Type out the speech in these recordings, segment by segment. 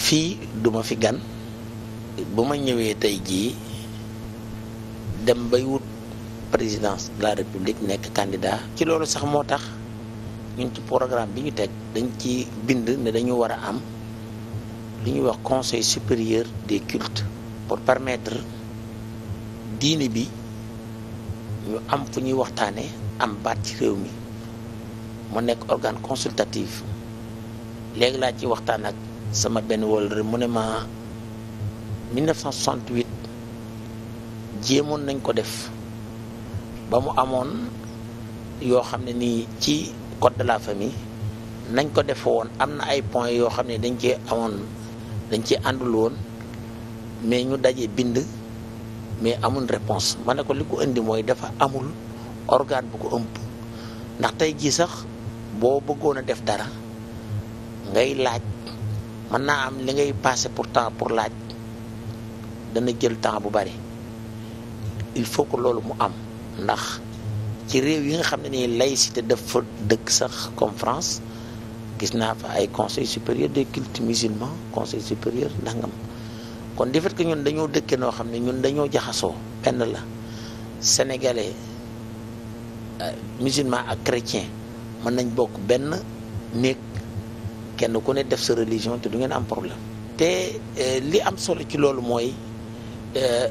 fii duma fi gan bu ma ñëwee tey jii dem bay wut présidence de la république nekk candidat ci loolu sax moo tax ñun ci bi ñu teg dañ ci bind ne dañu war a am lu ñuy wax conseil supérieur de cultes pour permettre diine bi ñu am fu ñuy waxtaane am baat ci réew mi mu nekk organe consultatif léegi laa ci waxtaan ak sama benn wóllare mu ne ma 1968 jéemoon nañ ko def ba mu amoon yoo xam ne nii ci code de la famille nañ ko def woon am na ay points yoo xam ne dañ cee amoon dañ cee àndul woon mais ñu dajee bind mais amul réponse ma ne ko li ko indi mooy dafa amul organe bu ko ëmb ndax tey jii sax. boo bëggoon a def dara ngay laaj mën naa am li ngay passé pour temps pour laaj dana jël temps bu bari il faut que loolu mu am ndax ci réew yi nga xam ne nii laïcité dafa dëkk sax comme France gis naa fa ay conseil supérieur des cultes musulmans conseil supérieur ndangam kon di fait ñun dañoo dëkkee noo xam ne ñun dañoo jaxasoo benn la sénégalais euh, musulman ak chrétien mën nañ bokk benn néeg kenn ku ne def sa religion te du ngeen am problème te euh, li am solo ci loolu mooy euh,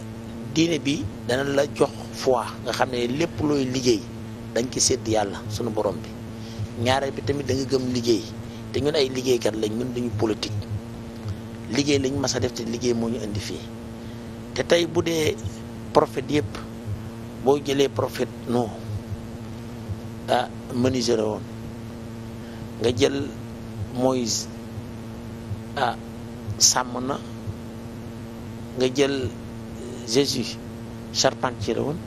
diine bi dana la jox fois nga xam ne lépp looy liggéey dañ ci sédd yàlla sunu borom bi ñaareel bi tamit da gëm liggéey te ñun ay liggéeykat lañ mun duñu politique liggéey lañ mas a def te liggéey moo ñu indi fii te tey bu dee prophète yëpp boo jëlee profet non ah menuisier la woon nga jël Moïse ah sàmm na nga jël Jésus charpentier la woon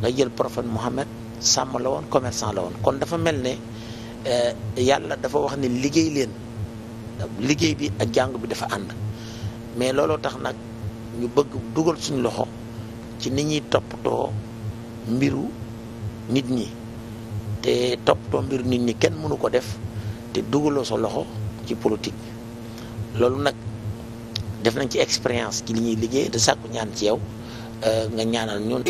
nga jël prophète Mohammed sàmm la woon commerçant la woon kon dafa mel ne eh, yàlla dafa wax ne liggéey leen liggéey bi ak jàng bi dafa ànd mais looloo tax nag ñu bëgg dugal suñu loxo ci ni ñuy toppatoo mbiru nit ñi te toppatoo mbir nit ñi kenn mënu ko def te dugguloo sa loxo ci politique loolu nag def nañ ci expérience ci li ñuy liggéey de sàkku ñaan ci yow euh, nga ñaanal ñun.